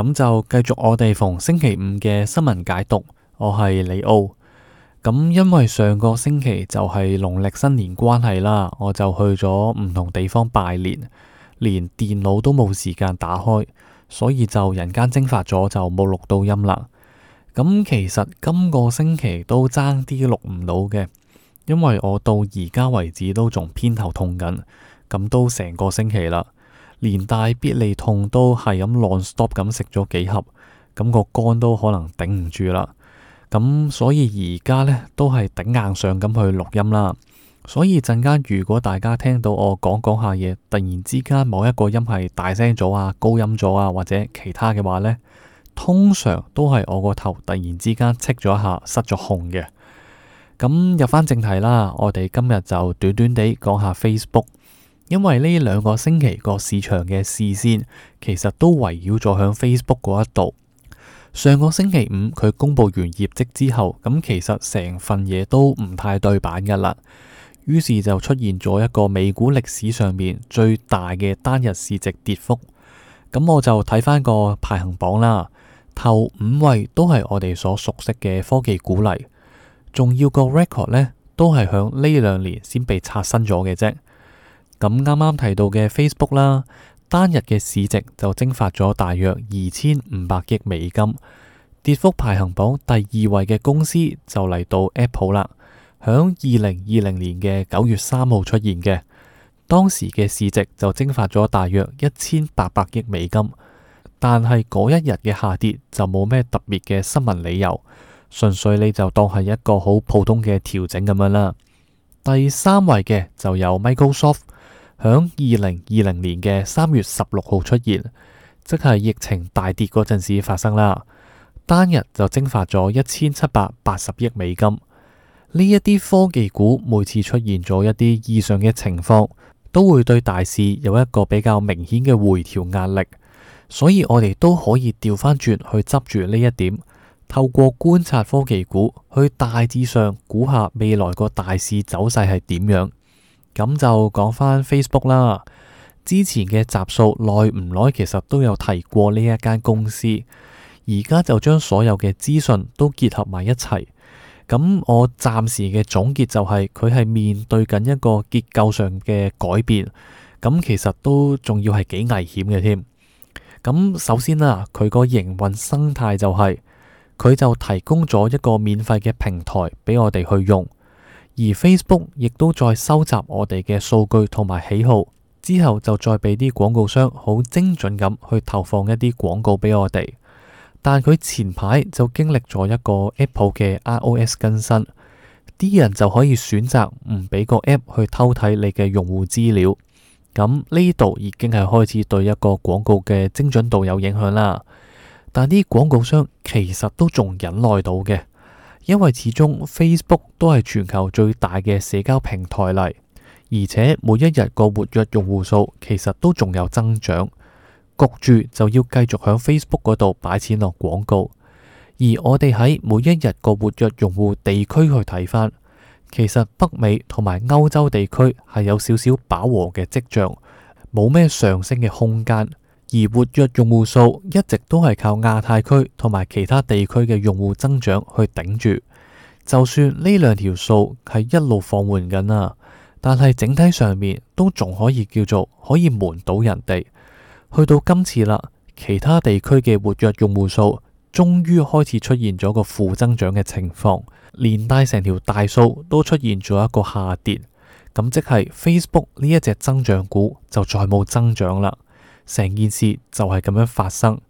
咁就繼續我哋逢星期五嘅新聞解讀，我係李奧。咁因為上個星期就係農曆新年關係啦，我就去咗唔同地方拜年，連電腦都冇時間打開，所以就人間蒸發咗，就冇錄到音啦。咁其實今個星期都爭啲錄唔到嘅，因為我到而家為止都仲偏頭痛緊，咁都成個星期啦。連大必理痛都係咁 non-stop 咁食咗幾盒，咁個肝都可能頂唔住啦。咁所以而家呢，都係頂硬上咁去錄音啦。所以陣間如果大家聽到我講講下嘢，突然之間某一個音係大聲咗啊、高音咗啊或者其他嘅話呢，通常都係我個頭突然之間戚咗一下，失咗控嘅。咁入翻正題啦，我哋今日就短短地講下 Facebook。因為呢兩個星期個市場嘅視線其實都圍繞咗響 Facebook 嗰一度。上個星期五佢公布完業績之後，咁其實成份嘢都唔太對版㗎喇。於是就出現咗一個美股歷史上面最大嘅單日市值跌幅。咁、嗯、我就睇返個排行榜啦，頭五位都係我哋所熟悉嘅科技股嚟，仲要個 record 呢都係響呢兩年先被刷新咗嘅啫。咁啱啱提到嘅 Facebook 啦，單日嘅市值就蒸發咗大約二千五百億美金。跌幅排行榜第二位嘅公司就嚟到 Apple 啦，響二零二零年嘅九月三號出現嘅，當時嘅市值就蒸發咗大約一千八百億美金。但係嗰一日嘅下跌就冇咩特別嘅新聞理由，純粹你就當係一個好普通嘅調整咁樣啦。第三位嘅就有 Microsoft。響二零二零年嘅三月十六號出現，即係疫情大跌嗰陣時發生啦，單日就蒸發咗一千七百八十億美金。呢一啲科技股每次出現咗一啲異常嘅情況，都會對大市有一個比較明顯嘅回調壓力，所以我哋都可以調翻轉去執住呢一點，透過觀察科技股去大致上估下未來個大市走勢係點樣。咁就講翻 Facebook 啦，之前嘅集數耐唔耐，其實都有提過呢一間公司。而家就將所有嘅資訊都結合埋一齊。咁我暫時嘅總結就係，佢係面對緊一個結構上嘅改變。咁其實都仲要係幾危險嘅添。咁首先啦，佢個營運生態就係，佢就提供咗一個免費嘅平台俾我哋去用。而 Facebook 亦都再收集我哋嘅數據同埋喜好，之後就再俾啲廣告商好精準咁去投放一啲廣告俾我哋。但佢前排就經歷咗一個 Apple 嘅 iOS 更新，啲人就可以選擇唔俾個 App 去偷睇你嘅用戶資料。咁呢度已經係開始對一個廣告嘅精準度有影響啦。但啲廣告商其實都仲忍耐到嘅。因為始終 Facebook 都係全球最大嘅社交平台嚟，而且每一日個活躍用戶數其實都仲有增長，焗住就要繼續響 Facebook 嗰度擺錢落廣告。而我哋喺每一日個活躍用戶地區去睇翻，其實北美同埋歐洲地區係有少少飽和嘅跡象，冇咩上升嘅空間。而活躍用戶數一直都係靠亞太區同埋其他地區嘅用戶增長去頂住，就算呢兩條數係一路放緩緊啊，但係整體上面都仲可以叫做可以瞞到人哋。去到今次啦，其他地區嘅活躍用戶數終於開始出現咗個負增長嘅情況，連帶成條大數都出現咗一個下跌，咁即係 Facebook 呢一隻增長股就再冇增長啦。成件事就係咁樣發生，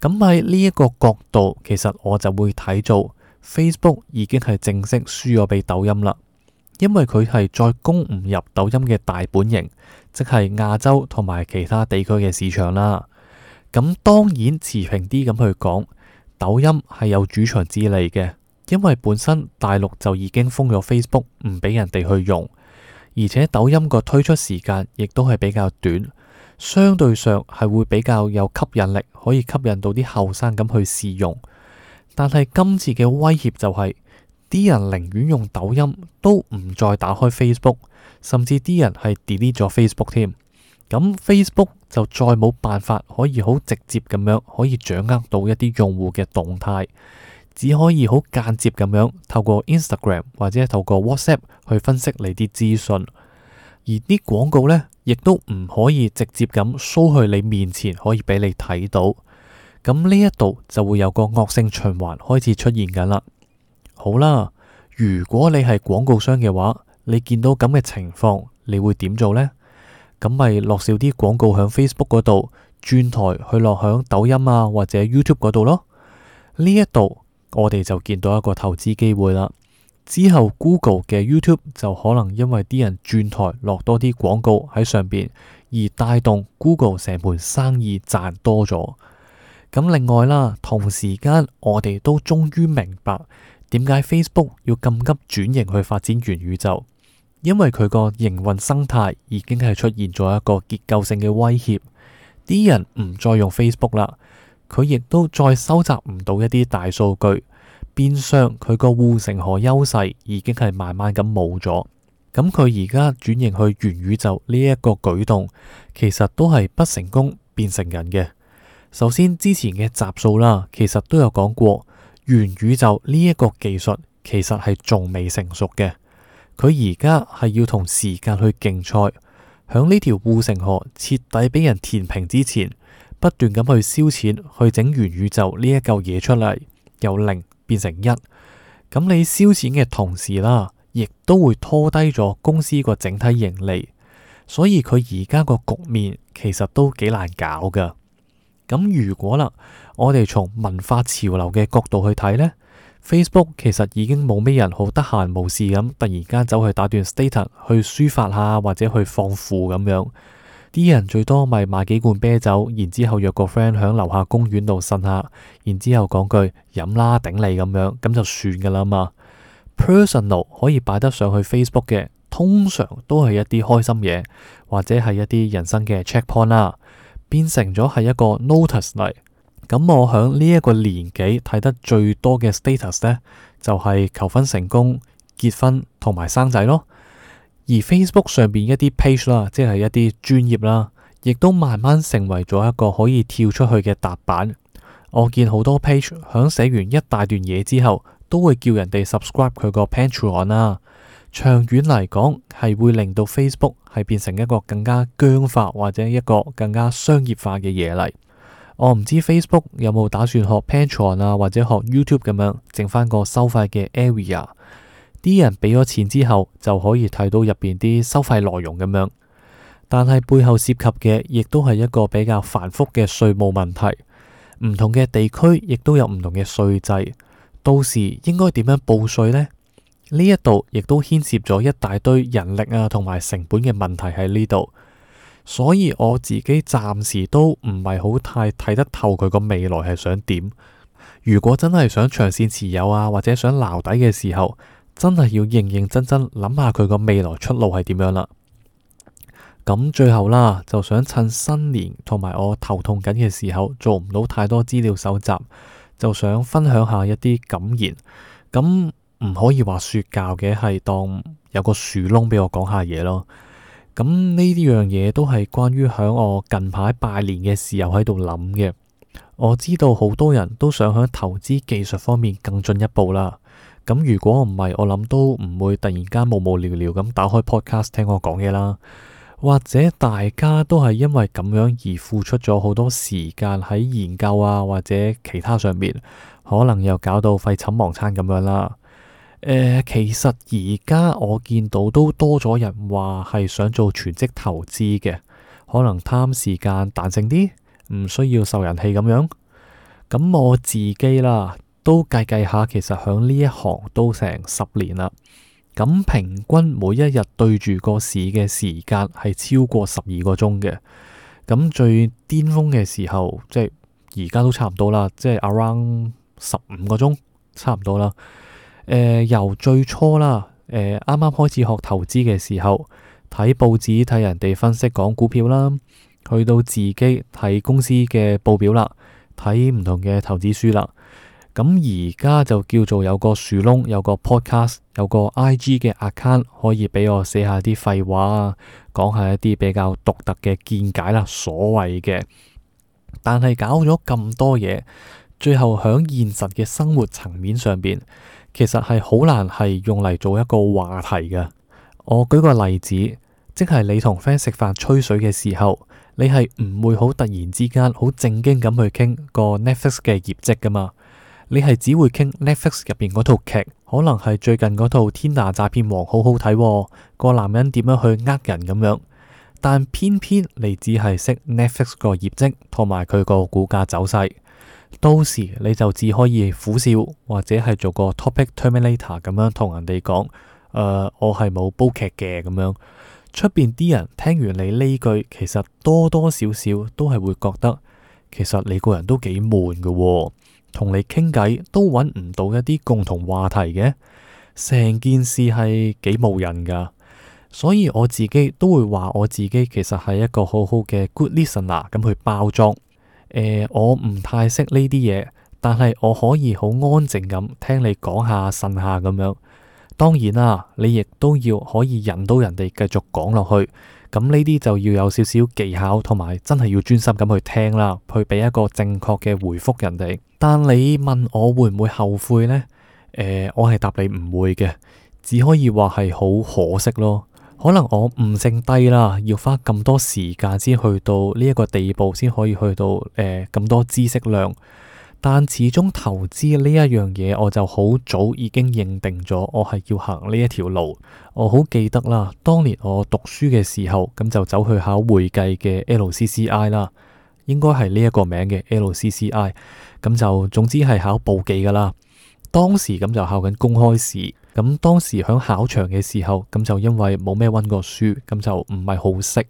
咁喺呢一個角度，其實我就會睇做 Facebook 已經係正式輸咗俾抖音啦，因為佢係再攻唔入抖音嘅大本營，即係亞洲同埋其他地區嘅市場啦。咁當然持平啲咁去講，抖音係有主場之利嘅，因為本身大陸就已經封咗 Facebook，唔俾人哋去用，而且抖音個推出時間亦都係比較短。相對上係會比較有吸引力，可以吸引到啲後生咁去試用。但係今次嘅威脅就係、是，啲人寧願用抖音都唔再打開 Facebook，甚至啲人係 delete 咗 Facebook 添。咁 Facebook 就再冇辦法可以好直接咁樣可以掌握到一啲用戶嘅動態，只可以好間接咁樣透過 Instagram 或者透過 WhatsApp 去分析你啲資訊，而啲廣告呢。亦都唔可以直接咁 show 去你面前，可以俾你睇到。咁呢一度就會有個惡性循環開始出現緊啦。好啦，如果你係廣告商嘅話，你見到咁嘅情況，你會點做呢？咁咪落少啲廣告響 Facebook 嗰度，轉台去落響抖音啊或者 YouTube 嗰度咯。呢一度我哋就見到一個投資機會啦。之後 Google 嘅 YouTube 就可能因為啲人轉台落多啲廣告喺上邊，而帶動 Google 成盤生意賺多咗。咁另外啦，同時間我哋都終於明白點解 Facebook 要咁急轉型去發展元宇宙，因為佢個營運生態已經係出現咗一個結構性嘅威脅。啲人唔再用 Facebook 啦，佢亦都再收集唔到一啲大數據。變相佢個護城河優勢已經係慢慢咁冇咗，咁佢而家轉型去元宇宙呢一個舉動，其實都係不成功變成人嘅。首先之前嘅集數啦，其實都有講過元宇宙呢一個技術其實係仲未成熟嘅。佢而家係要同時間去競賽，響呢條護城河徹底俾人填平之前，不斷咁去燒錢去整元宇宙呢一嚿嘢出嚟，又零。變成一，咁你燒錢嘅同時啦，亦都會拖低咗公司個整體盈利，所以佢而家個局面其實都幾難搞噶。咁如果啦，我哋從文化潮流嘅角度去睇呢 Facebook 其實已經冇咩人好得閒無事咁，突然間走去打斷 status 去抒發下，或者去放負，咁樣。啲人最多咪買幾罐啤酒，然之後約個 friend 響樓下公園度呻下，然之後講句飲啦頂你咁樣，咁就算噶啦嘛。Personal 可以擺得上去 Facebook 嘅，通常都係一啲開心嘢，或者係一啲人生嘅 checkpoint 啦，變成咗係一個 notice 嚟。咁我響呢一個年紀睇得最多嘅 status 呢，就係求婚成功、結婚同埋生仔咯。而 Facebook 上邊一啲 page 啦，即係一啲專頁啦，亦都慢慢成為咗一個可以跳出去嘅踏板。我見好多 page 響寫完一大段嘢之後，都會叫人哋 subscribe 佢個 Patreon 啦、啊。長遠嚟講，係會令到 Facebook 係變成一個更加僵化或者一個更加商業化嘅嘢嚟。我唔知 Facebook 有冇打算學 Patreon 啊，或者學 YouTube 咁樣整返個收費嘅 area。啲人俾咗錢之後就可以睇到入邊啲收費內容咁樣，但係背後涉及嘅亦都係一個比較繁複嘅稅務問題。唔同嘅地區亦都有唔同嘅稅制，到時應該點樣報稅呢？呢一度亦都牽涉咗一大堆人力啊，同埋成本嘅問題喺呢度，所以我自己暫時都唔係好太睇得透佢個未來係想點。如果真係想長線持有啊，或者想撈底嘅時候。真係要認認真真諗下佢個未來出路係點樣啦。咁最後啦，就想趁新年同埋我頭痛緊嘅時候，做唔到太多資料搜集，就想分享一下一啲感言。咁唔可以話說教嘅，係當有個樹窿俾我講下嘢咯。咁呢啲樣嘢都係關於響我近排拜年嘅時候喺度諗嘅。我知道好多人都想響投資技術方面更進一步啦。咁如果唔係，我諗都唔會突然間無無聊聊咁打開 podcast 聽我講嘢啦。或者大家都係因為咁樣而付出咗好多時間喺研究啊，或者其他上面，可能又搞到廢寢忘餐咁樣啦。呃，其實而家我見到都多咗人話係想做全職投資嘅，可能貪時間彈性啲，唔需要受人氣咁樣。咁我自己啦。都計計下，其實喺呢一行都成十年啦。咁平均每一日對住個市嘅時間係超過十二個鐘嘅。咁最巔峰嘅時候，即係而家都差唔多啦，即係 around 十五個鐘，差唔多啦。誒、呃，由最初啦，誒啱啱開始學投資嘅時候，睇報紙睇人哋分析講股票啦，去到自己睇公司嘅報表啦，睇唔同嘅投資書啦。咁而家就叫做有個樹窿，有個 podcast，有個 IG 嘅 account，可以俾我寫下啲廢話啊，講下一啲比較獨特嘅見解啦。所謂嘅，但係搞咗咁多嘢，最後響現實嘅生活層面上面，其實係好難係用嚟做一個話題嘅。我舉個例子，即係你同 friend 食飯吹水嘅時候，你係唔會好突然之間好正經咁去傾個 Netflix 嘅業績噶嘛？你係只會傾 Netflix 入邊嗰套劇，可能係最近嗰套《天拿詐騙王》好好睇、哦，個男人點樣去呃人咁樣。但偏偏你只係識 Netflix 個業績同埋佢個股價走勢，到時你就只可以苦笑或者係做個 topic terminator 咁樣同人哋講，誒、呃，我係冇煲劇嘅咁樣。出邊啲人聽完你呢句，其實多多少少都係會覺得，其實你個人都幾悶噶、哦。同你傾偈都揾唔到一啲共同話題嘅，成件事係幾冇人噶。所以我自己都會話我自己其實係一個好好嘅 good listener 咁去包裝。呃，我唔太識呢啲嘢，但係我可以好安靜咁聽你講下、呻下咁樣。當然啦，啊，你亦都要可以引到人哋繼續講落去。咁呢啲就要有少少技巧，同埋真係要專心咁去聽啦，去俾一個正確嘅回覆人哋。但你問我會唔會後悔呢？誒、呃，我係答你唔會嘅，只可以話係好可惜咯。可能我悟性低啦，要花咁多時間先去到呢一個地步，先可以去到誒、呃，咁多知識量。但始終投資呢一樣嘢，我就好早已經認定咗，我係要行呢一條路。我好記得啦，當年我讀書嘅時候，咁就走去考會計嘅 LCCI 啦，應該係呢一個名嘅 LCCI。咁就總之係考簿記噶啦。當時咁就考緊公開試，咁當時響考場嘅時候，咁就因為冇咩溫過書，咁就唔係好識。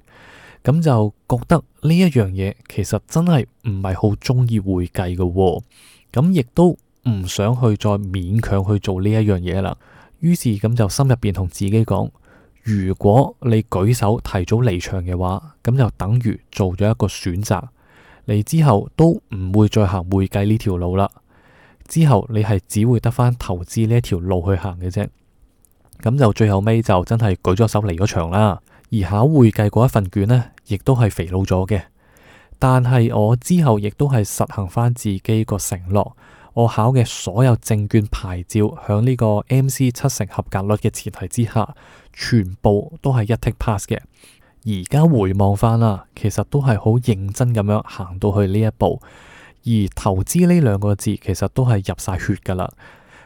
咁就覺得呢一樣嘢其實真係唔係好中意會計嘅，哦，咁亦都唔想去再勉強去做呢一樣嘢啦。於是咁就心入邊同自己講：如果你舉手提早離場嘅話，咁就等於做咗一個選擇，嚟之後都唔會再行會計呢條路啦。之後你係只會得返投資呢一條路去行嘅啫。咁就最後尾就真係舉咗手離咗場啦。而考會計嗰一份卷呢，亦都係肥佬咗嘅。但係我之後亦都係實行翻自己個承諾，我考嘅所有證券牌照，響呢個 M C 七成合格率嘅前提之下，全部都係一 take pass 嘅。而家回望翻啦，其實都係好認真咁樣行到去呢一步，而投資呢兩個字，其實都係入晒血噶啦。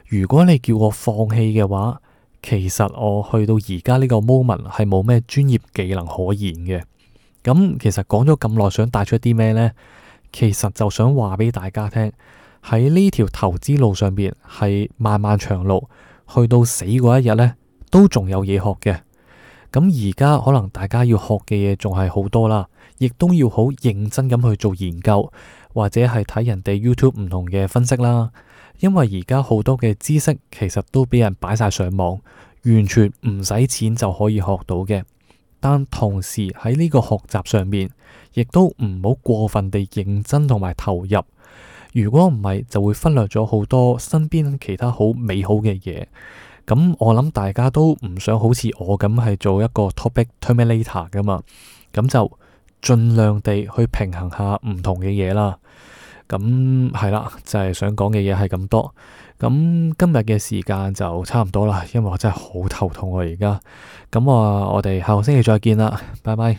如果你叫我放棄嘅話，其實我去到而家呢個 moment 係冇咩專業技能可言嘅。咁、嗯、其實講咗咁耐，想帶出啲咩呢？其實就想話俾大家聽，喺呢條投資路上邊係漫漫長路，去到死嗰一日呢，都仲有嘢學嘅。咁而家可能大家要學嘅嘢仲係好多啦，亦都要好認真咁去做研究，或者係睇人哋 YouTube 唔同嘅分析啦。因為而家好多嘅知識其實都俾人擺晒上網，完全唔使錢就可以學到嘅。但同時喺呢個學習上面，亦都唔好過分地認真同埋投入。如果唔係，就會忽略咗好多身邊其他好美好嘅嘢。咁我諗大家都唔想好似我咁係做一個 topic terminator 噶嘛。咁就盡量地去平衡下唔同嘅嘢啦。咁係啦，就係、是、想講嘅嘢係咁多，咁今日嘅時間就差唔多啦，因為我真係好頭痛啊。而家，咁啊我哋下個星期再見啦，拜拜。